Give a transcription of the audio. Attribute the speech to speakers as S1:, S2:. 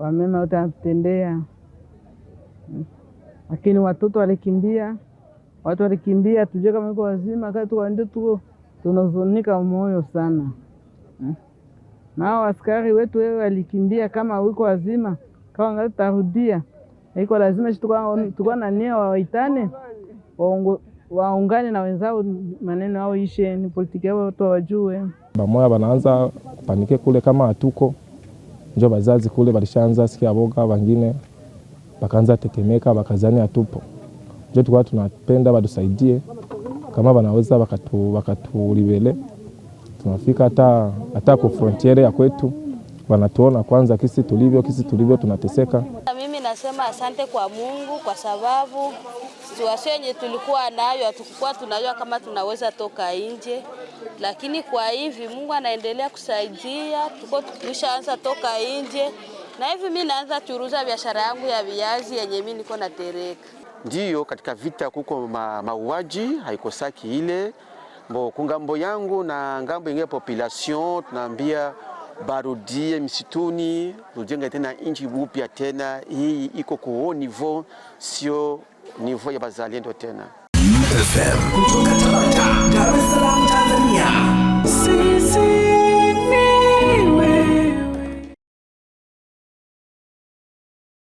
S1: wamema wote wanatutendea, lakini watoto walikimbia, watu walikimbia, tujue kama iko wazima kati tuo tuko tunazunika moyo sana Nao askari wetu wewe walikimbia, kama wiko wazima kama ngati tutarudia, iko lazima tukuwa na nia wawaitane waungane na wenzao, maneno ao ishe ni politiki yao, watu wajue
S2: bamoya, banaanza panike kule kama hatuko njo bazazi kule balishaanza sikia boga, bangine bakaanza tetemeka, bakazania tupo. Njo tukwa tunapenda badusaidie kama banaweza bakatulibele, bakatu tunafika hata ku frontiere ya kwetu wanatuona kwanza kisi tulivyo, kisi tulivyo tunateseka.
S3: Mimi nasema asante kwa Mungu kwa sababu situasio yenye tulikuwa nayo hatukukuwa tunajua kama tunaweza toka nje, lakini kwa hivi Mungu anaendelea kusaidia, tuko tukishaanza toka nje na hivi mimi naanza churuza biashara yangu ya viazi yenye mimi niko natereka.
S4: Ndiyo, katika vita kuko ma, mauaji haikosaki ile mbo kungambo yangu na ngambo ingine population tunaambia barudie msituni, rujenga tena inchi upya tena. Hii iko ko nivo, sio nivo ya bazalendo tena FM.